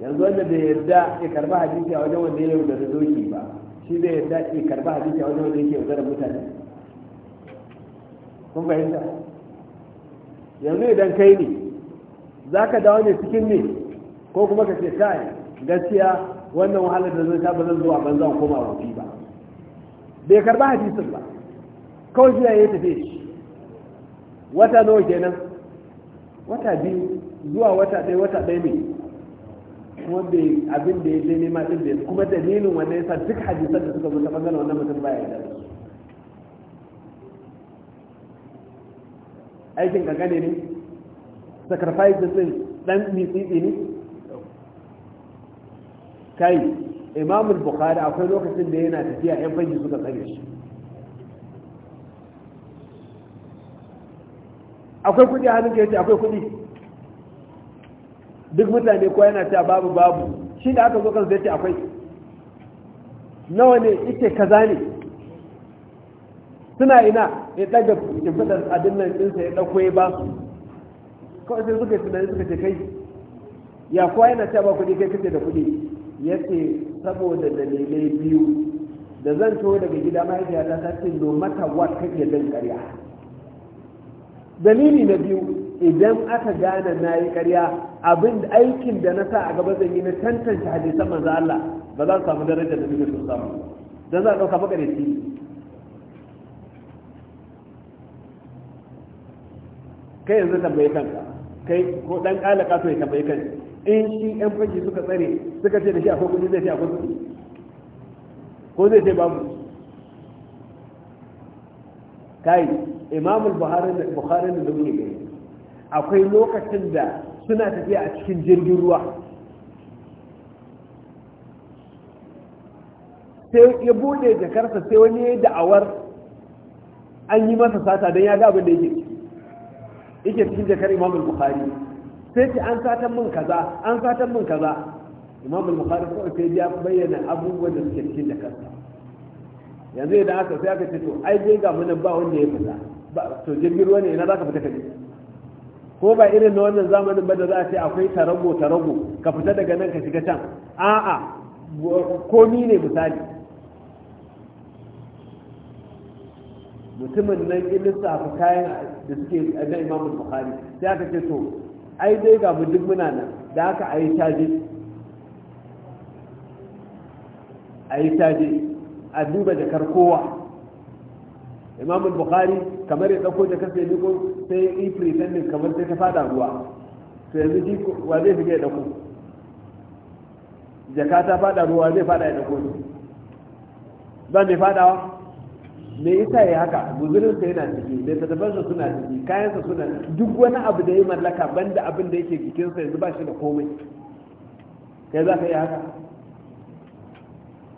yanzu wanda bai yarda ya karba hadisi a wajen wanda ya yaudara doki ba shi bai yarda ya karba hadisi a wajen wanda yake da mutane kun fahimta yanzu idan kai ne za ka dawo ne cikin ne ko kuma ka ce kai gaskiya wannan wahalar da zai sha ba zan zuwa banzan koma rufi ba bai karba hadisin ba kawai shi ya tafi shi wata nawa kenan wata biyu zuwa wata ɗaya wata ɗaya ne kuma da abin da ya je nema ɗin da kuma dalilin wannan yasa duk hadisan da suka zo ta ɓangaren wannan mutum baya da su aikin gangane ne sacrifice din dan mitsitsi ne kai imamul bukhari akwai lokacin da yana tafiya yan banki suka tsare shi akwai kudi hannun ka yace akwai kudi duk mutane ko yana cewa babu babu shi da aka zo kan zai ce akwai nawa ne ita kaza ne suna ina ya daga kifidar abin nan ɗinsa ya ɗauko ya ba su kawai sai suka tunani suka ce kai ya kuwa yana cewa ba kuɗi kai kace da kuɗi ya ce saboda dalilai biyu da zan to daga gida mahaifiyata ta ce no mata wa kake dan ƙarya dalili na biyu idan aka gane na yi ƙarya abin aikin da na sa a gaba zan yi na tantance hadisan manzo Allah ba za su samu darajar da nake so samu dan za a ɗauka shi. kai yanzu tambaye kanka kai ko dan kalaka to ya tambaye kanka in shi yan fashi suka tsare suka ce da shi akwai kuɗi zai ce akwai kuɗi ko zai ce babu kai imamul buhari da muke ne. akwai lokacin da suna tafiya a cikin jirgin ruwa sai ya bude jakarsa sai wani ya yi da'awar an yi masa sata don ya ga abin da yake yake cikin jakar imam al-bukhari sai ce an satan min kaza an satan min kaza imam al-bukhari ko sai ya bayyana abubuwan da suke cikin jakarsa yanzu idan aka sai aka ce to ai dai ga munan ba wanda ya fita ba to jirgin ruwa ne ina zaka fita kaje ko ba irin na wannan zamanin ba da za a ce akwai tarago tarago ka fita daga nan ka shiga can a'a komi ne misali mutumin nan ya lissafa kayan da suke na imamu bukhari sai aka ce to ai dai ga mu duk muna nan da aka a yi caje a yi caje a duba jakar kowa imamu bukhari kamar ya ɗauko jakar sai ya sai ya yi pretending kamar sai ta fada ruwa to yanzu shi wa zai shiga ya ɗauko jaka ta fada ruwa zai fada ya ɗauko ba mai fadawa me yasa ya haka guzurinsa yana ciki littattafansa suna ciki kayansa suna duk wani abu da ya mallaka banda abin da yake jikinsa yanzu ba shi da komai kai za ka yi haka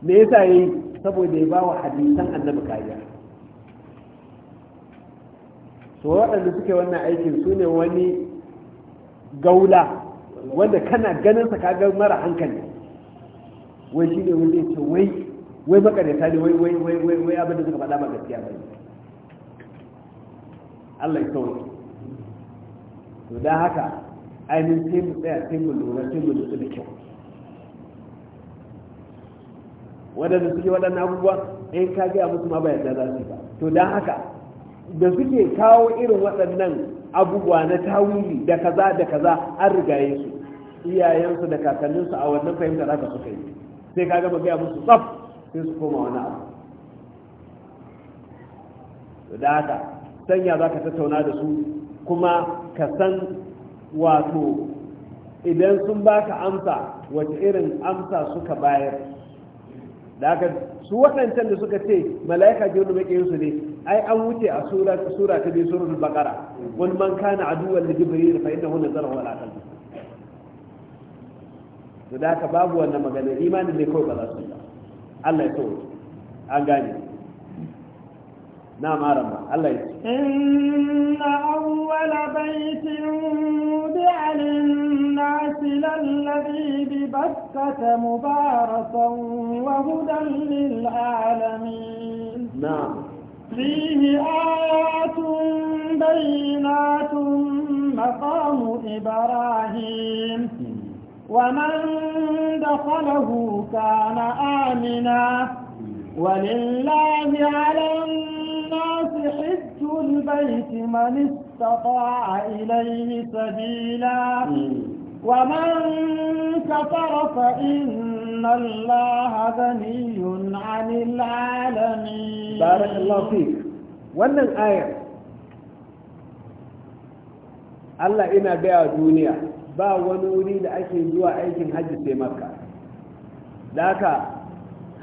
me yasa ya yi saboda ya ba wa hadisan annabi kariya to waɗanda suke wannan aikin su ne wani gaula wanda kana ganin sa kaga mara hankali wai shi ne wanda ya ce wai wai makareta ne wai wai wai wai wai abin da suka faɗa ba gaskiya ba Allah ya sauke to dan haka ainihin sai mu tsaya sai mu lura sai mu lura da kyau waɗanda suke waɗannan abubuwa in ka gaya musu ma ba da za su ba to dan haka da suke kawo irin waɗannan abubuwa na tawili da kaza da kaza an rigaye su iyayensu da kakanninsu a wannan fahimtar haka suka yi sai ka gama gaya musu tsaf sai su koma wani abu da haka sanya za ka tattauna da su kuma ka san wato idan sun baka amsa wace irin amsa suka bayar da haka su waɗancan da suka ce mala'ika jibril maƙiyinsu ne ai an wuce a sura ta biyu surun bakara wani man kana da li jibril fa innahu zara ala qalbi su da haka babu wannan magana imanin ne kawai ba za su yi الله ya so نعم أرمى الله يسر إن أول بيت وضع للناس للذي ببكة مباركا وهدى للعالمين نعم فيه آيات بينات مقام إبراهيم ومن دخله كان آمنا ولله على الناس حج البيت من استطاع إليه سبيلا ومن كفر فإن الله غني عن العالمين بارك الله فيك wannan ayar Allah ina gaya duniya ba wani wuri da ake zuwa aikin hajji sai makka da haka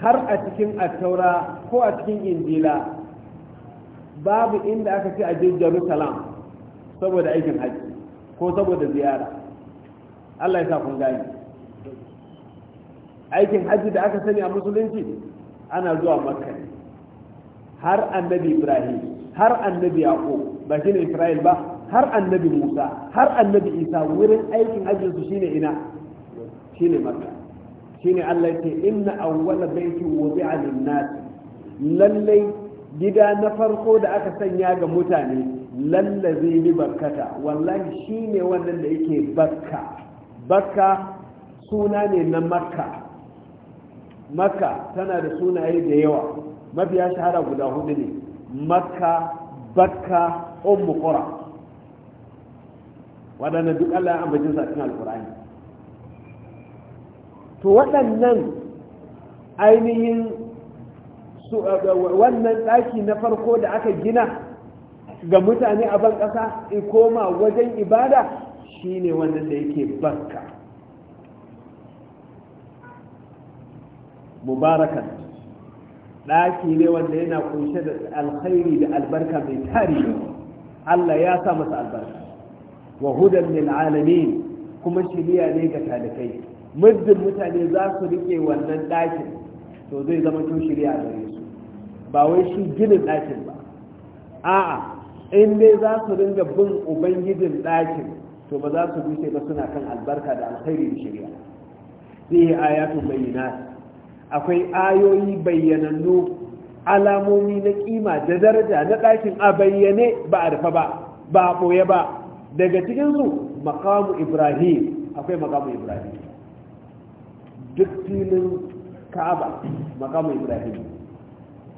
har a cikin attaura ko a cikin injila babu inda aka ce a je jerusalem saboda aikin hajji ko saboda ziyara allah ya sa kun gani aikin hajji da aka sani a musulunci ana zuwa makka har annabi ibrahim har annabi yaqub ba shine isra'il ba har annabi musa har annabi isa wurin aikin ajinsu shine ina shine makka shine allah ya ce inna awwala baiti wudi'a lin-nas lallai gida na farko da aka sanya ga mutane lallazi bi bakkata wallahi shine wannan da yake bakka bakka suna ne na makka makka tana da sunaye da yawa mafiya shahara guda hudu ne makka bakka ummu qura waɗannan duk Allah ya ambace su a cikin alkur'ani to waɗannan ainihin eh, wannan ɗaki na farko da aka gina ga mutane a ban ƙasa in koma wajen ibada shine wannan da yake bakka mubarakan ɗaki ne wanda yana kunshe da alkhairi da albarka mai tarihi Allah ya sa masa albarka wa hudan lil alamin kuma shiriya ne ga talikai muddin mutane za su rike wannan ɗakin to zai zama to shiriya a gare su ba wai shi ginin ɗakin ba a'a in dai za su ringa bin ubangijin ɗakin to ba za su sai ba suna kan albarka da alkhairi da shiriya sai ayatu bayyana akwai ayoyi bayyanannu alamomi na kima da daraja na ɗakin a bayyane ba a rufe ba ba a ba daga cikinsu makamu ibrahim akwai makamu ibrahim duk filin ka'aba makamu ibrahim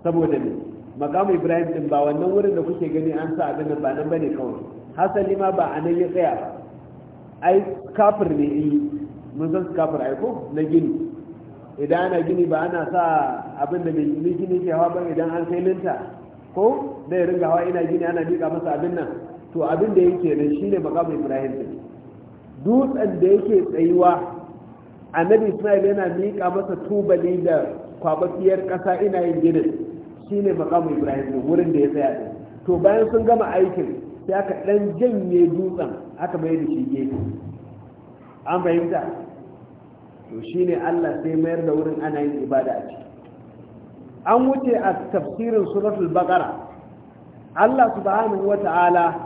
saboda ne makamu ibrahim din ba wannan wurin da kuke gani an sa abin ba nan bane kawai hasali ma ba a nan ya tsaya ba ai kafir ne yi mun san kafir ai ko na gini idan ana gini ba ana sa abin da mai gini ke hawa ba idan an kai linta ko da ya ringa hawa ina gini ana miƙa masa abin nan to abin da yake nan shine makamu ibrahim din dutsen da yake tsayuwa annabi isma'il yana miƙa masa tubali da kwabafiyar ƙasa ina yin ginin shine makamu ibrahim din wurin da ya tsaya din to bayan sun gama aikin sai aka dan janye dutsen aka mai da shi gefe an fahimta to shine Allah sai mayar da wurin ana yin ibada a ciki an wuce a tafsirin suratul baqara Allah subhanahu wata'ala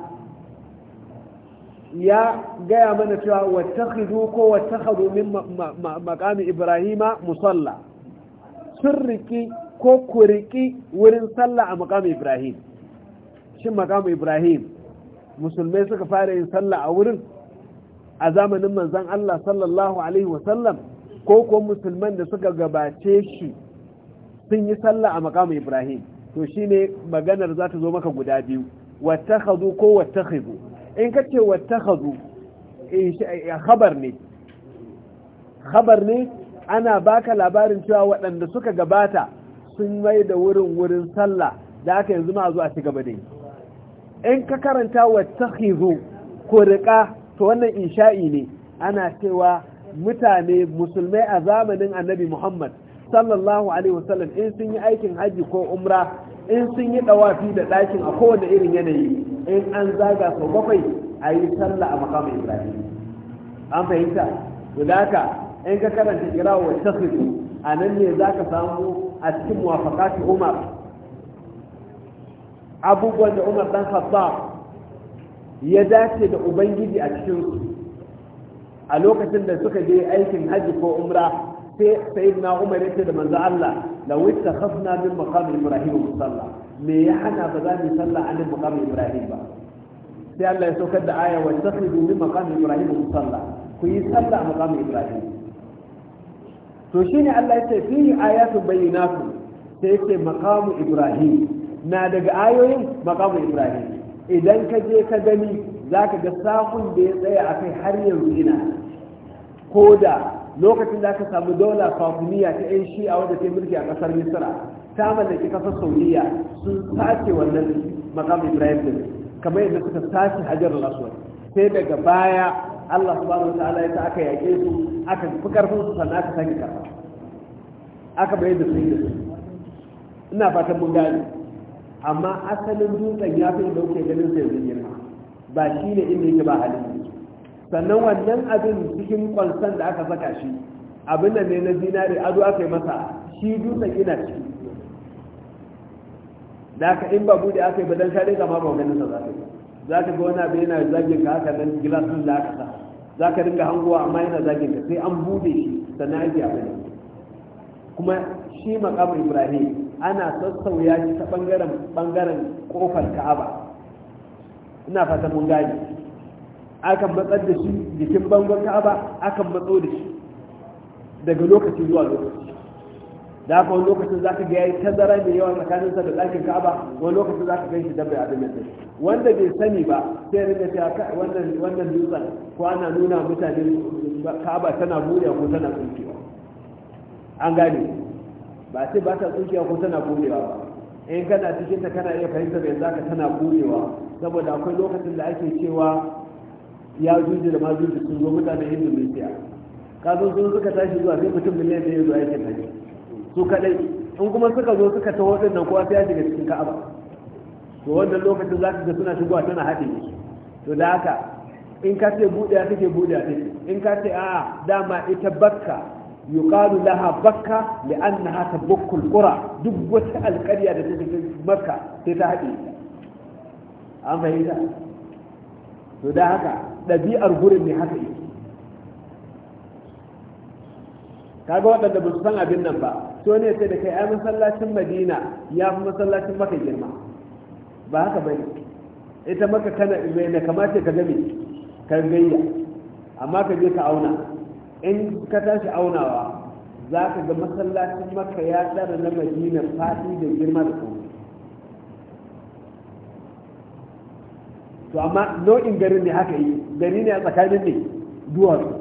ya gaya mana cewa wattakhidhu ko wattakhadhu min maqami ibrahima musalla sirriki ko kuriki wurin sallah a maqami ibrahim shin maqami ibrahim musulmai suka fara yin sallah a wurin a zamanin manzon Allah sallallahu alaihi wasallam ko kuwa musulman da suka gabace shi sun yi sallah a maqami ibrahim to shine maganar za ta zo maka guda biyu wattakhadhu ko wattakhidhu in ka ce wata eh, eh, hazu khabar ne khabar ne ana baka labarin cewa waɗanda suka gabata sun mai da wurin wurin sallah da aka yanzu ma zuwa ci gaba dai in ka karanta wata hizo ko riƙa ta wannan insha'i ne ana cewa mutane musulmai a zamanin annabi muhammad sallallahu alaihi wasallam in sun yi aikin haji ko umra in sun yi dawafi da ɗakin a kowane irin yanayi in an zaga sau bakwai a yi sallah a makamin ibrahim an fahimta da haka in ka karanta kirawo wa tasiri a nan ne za ka samu a cikin muwafakati umar abubuwan da umar dan khattab ya dace da ubangiji a cikinsu a lokacin da suka je aikin hajji ko umra sai sayyidina umar yace da manzo Allah law ittakhafna min maqam ibrahim musalla me ya hana ba za mu salla a nan maqam ibrahim ba sai Allah ya saukar da aya wa takhridu min maqam ibrahim musalla ku yi salla a maqam ibrahim to shine Allah yace fi ayatu bayyinatu sai yace maqam ibrahim na daga ayoyin maqam ibrahim idan ka je ka gani zaka ga sakun da ya tsaya akai har yanzu ina ko da lokacin da aka samu daula fatimiyya ta yan shi'a wadda ta mulki a kasar misira ta mallaki kasar saudiya sun sace wannan makam ibrahim din kamar yadda suka sace hajar al-aswad sai daga baya allah subhanahu wataala ya ta aka yaƙe su aka fi karfin su sannan aka sake karfa aka bayar da su yi ina fatan mun gane amma asalin dutsen ya fi ɗauke ganin sai yanzu girma ba shi ne inda yake ba halin sannan wannan abin cikin kwalsan da aka saka shi abin da ne na zinare ado aka yi masa shi dutsen ina ciki da aka in ba bude aka yi ba don kare kama ba wani nasa za ka za ka ga wani abu yana zagin ka haka nan gilasin da aka sa za ka dinga hangowa amma yana zagin ka sai an bude shi sannan ake abin kuma shi makamu ibrahim ana sassauya shi ta ɓangaren ƙofar ka'aba ina fata mun gane akan matsar da shi jikin bangon ka'aba akan matso da shi daga lokaci zuwa lokaci da haka wani lokacin ka ga yayi tazara mai yawa tsakanin sa da ɗakin Ka'aba wani lokacin za ka ga shi dabbai abin shi. wanda bai sani ba sai rinka cewa wannan wannan dutsen ko ana nuna mutane Ka'aba tana buɗewa ko tana tsinkewa an gane ba sai ba ta tsinkewa ko tana buɗewa ba in kana cikin ta kana iya fahimtar yanzu haka tana buɗewa saboda akwai lokacin da ake cewa ya juji da majuji sun zo mutanen indonesia kazan sun suka tashi zuwa sai mutum miliyan ya zuwa yake tafi su kaɗai in kuma suka zo suka ta ɗin nan kowa sai ya shiga cikin ka'aba to wannan lokacin za ka ga suna shigowa tana haɗe to da haka in ka ce buɗewa take a take in ka ce a dama ita bakka yuqalu laha bakka li'annaha tabukkul qura duk wata alƙarya da take makka sai ta haɗe an fahimta to da haka ɗabi'ar gurin ne haka yake kaga waɗanda ba su san abin nan ba to ne sai da kai ai masallacin madina ya fi masallacin maka girma ba haka bane ita maka kana mai na kamata ka gami ka gayya amma ka je ka auna in ka tashi aunawa za ka ga masallacin maka ya tsara na madina faɗi da girma da kuma to amma nau'in garin ne haka yi gari ne a tsakanin ne duwatsu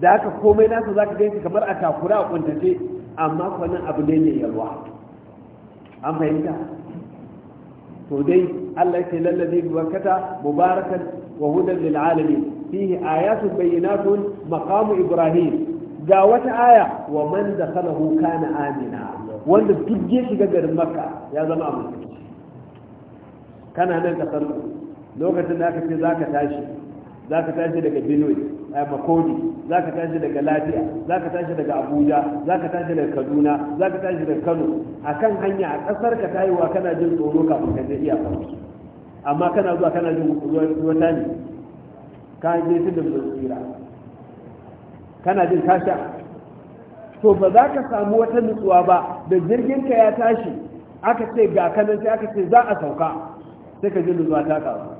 da haka komai nasa za ka ganshi kamar a takura a kuntace amma kwanan abu ne mai yalwa an fahimta to dai Allah ya ce lallabi barkata mubarakan wa hudan lil alamin fihi bayyana bayyinatun maqamu ibrahim ga wata aya wa man da kana amina wanda duk ya shiga garin makka ya zama amince kana nan kasar lokacin da aka ce za ka tashi za ka tashi daga benue a makodi za ka tashi daga lafiya za ka tashi daga abuja za ka tashi daga kaduna za ka tashi daga kano a kan hanya a ƙasar ka tayiwa kana jin tsoro kafin ka je iyaka amma kana zuwa kana jin wata ne ka je tun da tsira kana jin kasha to ba za ka samu wata nutsuwa ba da jirgin ka ya tashi aka ce ga kanan sai aka ce za a sauka sai ka ji nutsuwa ta kawo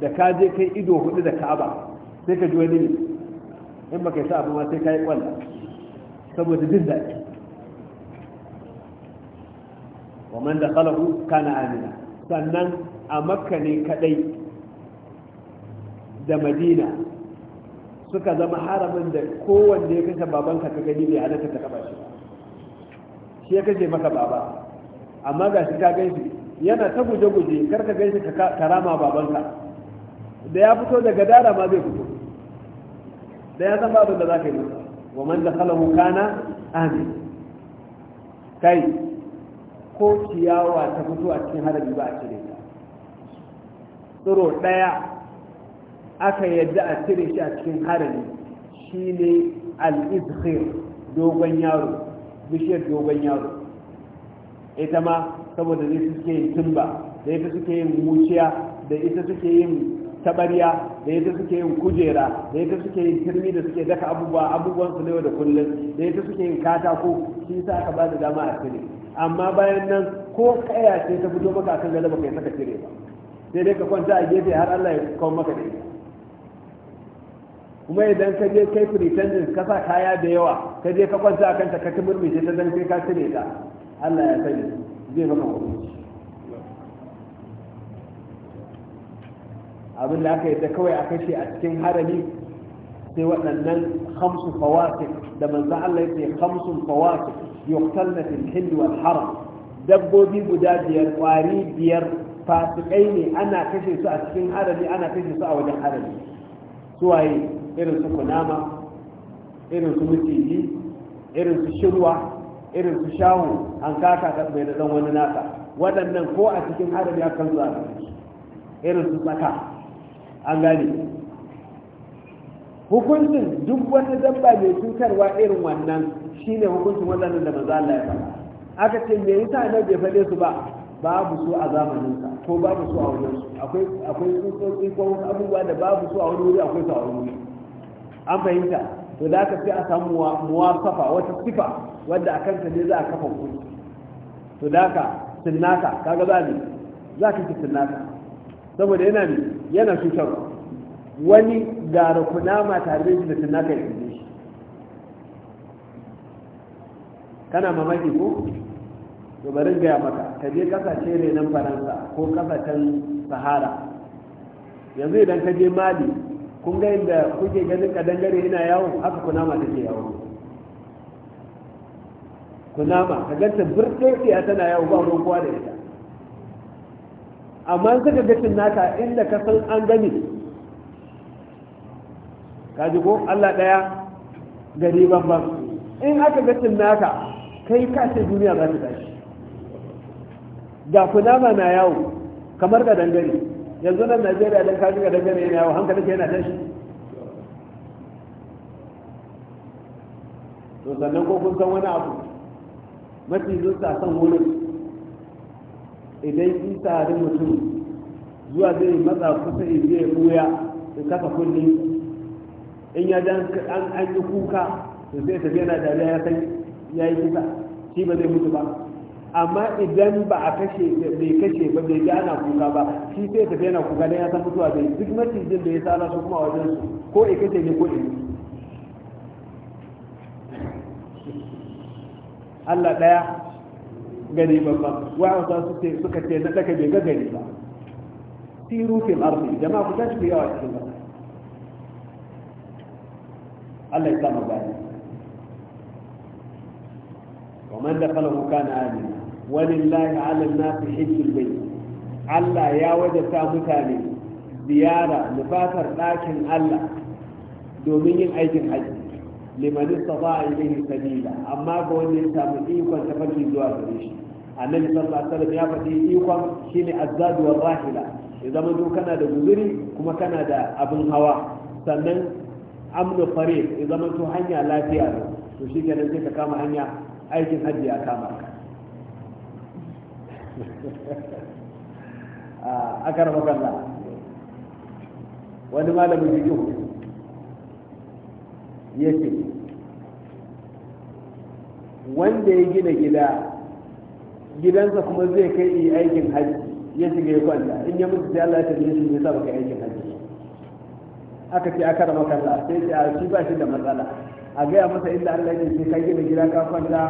da ka je kai ido hudu da ka'aba sai ka ji wani ne in ba yi sa abu ma sai ka yi kwalla saboda jin daɗi wa man da kalahu kana amina sannan a makka ne kadai da madina suka zama haramin da kowanne ya kashe babanka ka gani a halatta ka taba shi shi ya kashe maka baba amma ga shi ka gan shi yana ta guje-guje kar ka gan shi ka rama babanka da ya fito daga dara ma zai fito da ya san babin da za ka yi wa man da kala kana amin kai ko ciyawa ta fito a cikin harabi ba a cire ta tsoro ɗaya aka yadda a cire shi a cikin harabi shi ne al'izhir dogon yaro bishiyar dogon yaro ita ma saboda zai suke yin timba da ita suke yin muciya da ita suke yin tabariya da ita suke yin kujera da ita suke yin turmi da suke daka abubuwa abubuwan su yau da kullum da ita suke yin katako shi sa aka ba da dama a cire amma bayan nan ko kaya ce ta fito maka kan galaba kai saka cire ba sai dai ka kwanta a gefe har Allah ya kawo maka da ita kuma idan ka je kai pretendin ka sa kaya da yawa ka je ka kwanta akan ta ka tumurmishe ta zan kai ka cire ta Allah ya sani zai maka hukunci abin da aka da kawai a kashe a cikin harami sai waɗannan hamsu fawasik da manzan Allah ya ce hamsun fawasik yuktalna fil hind wal haram dabbobi guda biyar kwari biyar fasikai ne ana kashe su a cikin harami ana kashe su a wajen harami waye irin su kunama irin su mutiji irin su shirwa irin su shahu an kaka mai da dan wani nasa. waɗannan ko a cikin harami akan zuwa irin su tsaka an gane hukuncin duk wani dabba mai cutarwa irin wannan shine hukuncin wannan da maza Allah ya faɗa aka ce me yasa na bai faɗe su ba babu su a zamaninsa ko babu su a wurin su akwai akwai ko abubuwa da babu su a wurin wuri akwai su a wurin an fahimta to da aka sai a samu muwasafa wata sifa wadda a kanta ne za a kafa hukunci to da ka sinnaka kaga za ne za ka ci sinnaka saboda yana ne yana cutar wani gara kunama tare da shi da ya yi shi kana mamaki ko to bari gaya maka ka je kasashe ne nan faransa ko kasashen sahara yanzu idan ka je mali kun ga inda kuke ganin kadangare ina yawo haka kunama take yawo kunama ka ganta birtsai tana yawo ba ruwan kowa da ita amma sai ka gacin naka inda ka san an gani ka ji ko allah ɗaya gari babban in aka gashin naka kai ka ce duniya za ta tashi ga kunama na yawo kamar da dangare yanzu nan najeriya don kaji ga dangare yana yawo hankali ke yana tashi to sannan ko kun san wani abu mafi zuwa san wani idan in tare mutum zuwa zai matsa kusa ya ya buya in kasa kulli in ya dan an an yi kuka to zai tafi yana dariya ya san ya yi kuka shi ba zai mutu ba amma idan ba a kashe bai kashe ba bai ga ana kuka ba shi sai tafi yana kuka dan ya san mutuwa zai duk macijin da ya tsara su kuma wajen su ko ya kashe ne ko ya Allah ɗaya. gani babba wa'ansa suka ce na daka bai ga gani ba siru fil ardi jama'a ku tashi ku yawa cikin ƙasa Allah ya samu gani wa man dakhalahu kana amina walillahi 'ala an-nasi hajjul bayt Allah ya wajata mutane ziyara nufatar ɗakin Allah domin yin aikin hajji liman istata ilayhi sabila amma ga wanda ya samu ikon tafarki zuwa gare shi annabi sallallahu alaihi wasallam ya faɗi ikon shine azzadu wa rahila ya zama to kana da guzuri kuma kana da abin hawa sannan amnu fari ya zama to hanya lafiya ne to shi sai ka kama hanya aikin hajji ya kama ka a karamakan wani malamin jikin ya ce wanda ya gina gida gidansa kuma zai kai yi aikin hajji ya shiga ya kwanta in ya mutu sai Allah ya tafi shi ya sa kai aikin hajji aka ce aka rama kalla sai ce shi ba shi da matsala a gaya masa inda Allah ya ce kai gina gida ka kwanta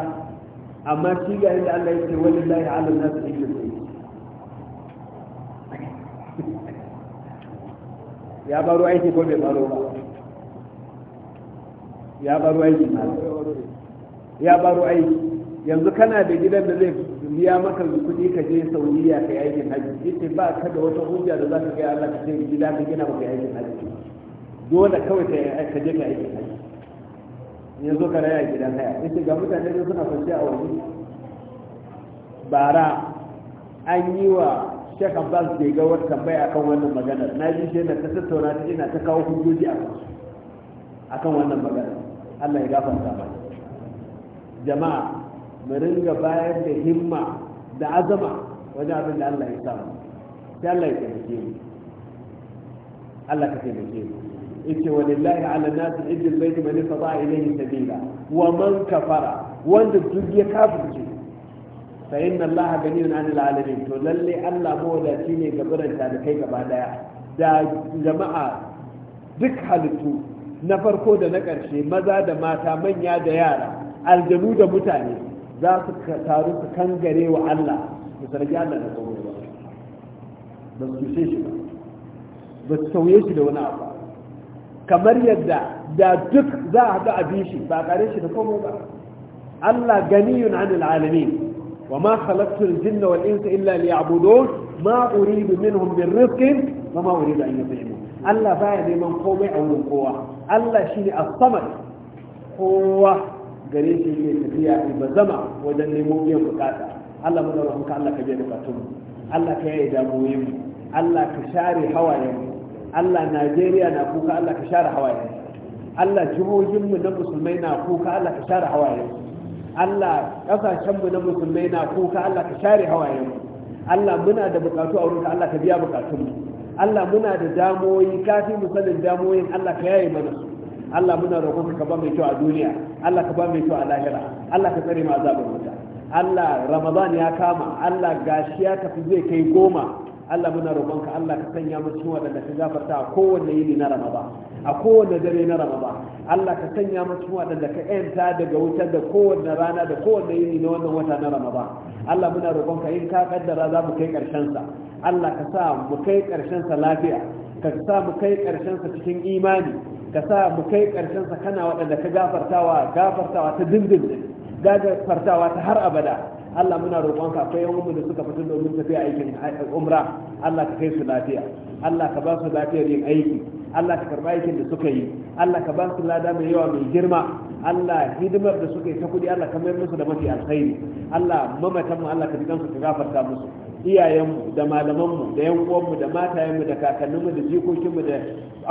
amma shi ga inda Allah ya ce wallahi ala nasu ilmi (laughs) ya baro aiki ko bai baro ba ya baro aiki ya baro aiki yanzu kana da gidan da zai biya maka kuɗi ka je saudiya ka yi aikin hajji ita ba ka da wata hujja da za ka ga Allah ka ce gida ka gina maka aikin hajji dole kawai ka je ka aikin hajji yanzu ka raya gidan haya ita ga mutane da suna kwanciya a waje bara an yi wa Sheikh Abbas bai ga wata tambaya akan wannan maganar na ji shi na ta tattauna ta ina ta kawo hujjoji a kan wannan maganar Allah ya gafarta ba jama'a mu ringa bayar da himma da azama wajen abin da Allah ya samu sai Allah ya taimake mu Allah ka taimake mu yace ala nasi man ilayhi sabila wa man kafara wanda duk ya kafirce fa inna Allah ganiyun 'anil alamin to lalle Allah ne ga da kai gaba daya da jama'a duk halittu na farko da na ƙarshe maza da mata manya da yara aljanu da mutane za su taru su kangare wa Allah su sarki Allah da tsoro ba ba su tushe shi ba ba su sauye shi da wani abu kamar yadda da duk za a haɗu a bi shi ba ƙare shi da komai ba Allah ganiyun anil alamin wa ma khalaqtul jinna wal insa illa liya'budun ma uridu minhum min rizqin wa ma uridu an yut'imun Allah baya neman komai a wurin kowa Allah shi ne a asamar kowa gare shi ne tafiya ba zama wajen nemo biyan bukata Allah mu zama ka Allah ka biya bukatun Allah ka yaye damuwoyin mu Allah ka share hawayen mu Allah Najeriya na kuka Allah ka share hawayen Allah jihohin mu na musulmai na kuka Allah ka share hawayen Allah kasashen mu na musulmai na kuka Allah ka share hawayen Allah muna da bukatu a wurinka Allah ka biya bukatun mu Allah muna da damoyi kafi mu sanin damoyin Allah ka yaye mana su Allah muna roƙonka ka ba mai kyau a duniya Allah ka ba mai kyau a lahira Allah ka tsare mu azabar wuta Allah Ramadan ya kama Allah gashi ya tafi zai kai goma Allah muna roƙonka Allah ka sanya mu cikin waɗanda ka gafarta a kowanne yini na Ramadan a kowanne dare na Ramadan Allah ka sanya mu cikin waɗanda ka yanta daga wutar da kowanne rana da kowanne yini na wannan wata na Ramadan Allah muna roƙonka in ka kaddara za mu kai ƙarshen sa Allah ka sa mu kai ƙarshen sa lafiya ka sa mu kai ƙarshen sa cikin imani ka sa mu kai ƙarshen sa kana waɗanda ka gafartawa gafartawa ta dindindin gafartawa ta har abada Allah muna roƙonka akwai yan da suka fito domin tafiya aikin umra Allah ka kai su lafiya Allah ka ba su lafiyar yin aiki Allah ka karba aikin da suka yi Allah ka ba su lada mai yawa mai girma Allah hidimar da suka yi ta kuɗi. Allah ka mayar musu da mafi alkhairi Allah mamatan mu Allah ka ji kansu ka gafarta musu iyayenmu da malamanmu da yan da matayenmu da kakanninmu da jikokinmu da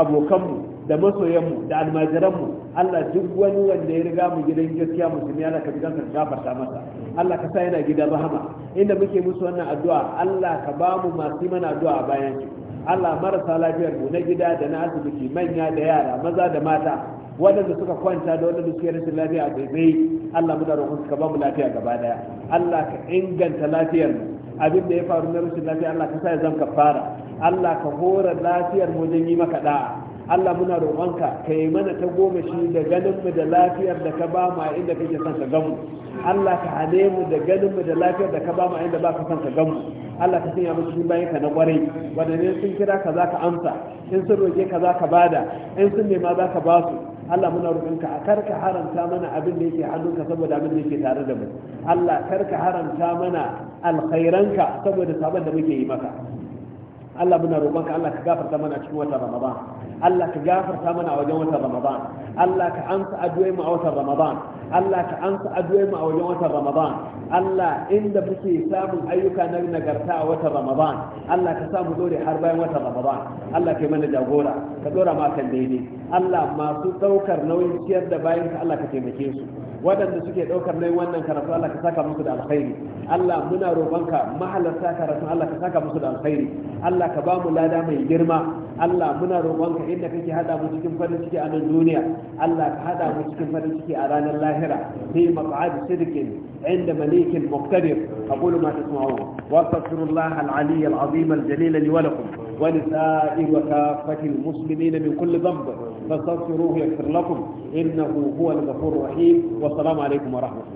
abokanmu da masoyanmu da almajiranmu Allah duk wani wanda ya riga mu gidan gaskiya musulmi Allah ka gidan ka gafarta masa Allah ka sa yana gida rahama inda muke musu wannan addu'a Allah ka ba mu masu mana addu'a bayan su Allah marasa lafiyar mu na gida da na asibiti manya da yara maza da mata waɗanda suka kwanta da waɗanda suke rashin lafiya a daidai Allah muna roƙon ka ba mu lafiya gaba daya Allah ka inganta lafiyar mu abin da ya faru na rashin lafiya Allah ka sa ya zama kafara Allah ka hora lafiyar mu da yi maka da Allah muna roƙonka ka yi mana ta goma shi da ganin mu da lafiyar da ka ba mu a inda kake son ka gamu Allah ka hane mu da ganin mu da lafiyar da ka ba mu a inda ba ka son ka gamu Allah ka sanya musu cikin bayan ka na kwarai wadanne sun kira ka za ka amsa in sun roƙe ka za ka bada in sun nema za ka ba su Allah muna roƙonka a karka haramta mana abin da yake hannunka saboda abin da yake tare da mu Allah karka haramta mana alkhairanka saboda sabon da muke yi maka Allah muna roƙonka Allah ka gafarta mana cikin watan Ramadan Allah ka gafarta mana a wajen watan Ramadan Allah ka amsa addu'o'i mu a watan Ramadan Allah ka amsa addu'o'i mu a wajen watan Ramadan Allah inda muke samun ayyuka na nagarta a watan Ramadan Allah ka samu dore har bayan watan Ramadan Allah ka yi mana jagora ka dora ma kan daidai Allah masu ɗaukar nauyin ciyar da bayan ka Allah ka taimake su waɗanda suke ɗaukar nayin wannan karatu Allah ka saka musu da alkhairi Allah muna roƙonka mahalarta karatu Allah ka saka musu da alkhairi Allah ka ba mu lada mai girma Allah muna roƙonka inda kake hada mu cikin farin ciki a nan duniya Allah ka hada mu cikin farin ciki a ranar lahira fi maq'ad sidqin عند مليك مقتدر أقول ما تسمعون وأستغفر الله العلي العظيم الجليل wa ولكم ونسائي وكافة المسلمين من كل ذنب فاستغفروه يغفر لكم إنه هو الغفور الرحيم والسلام عليكم ورحمة الله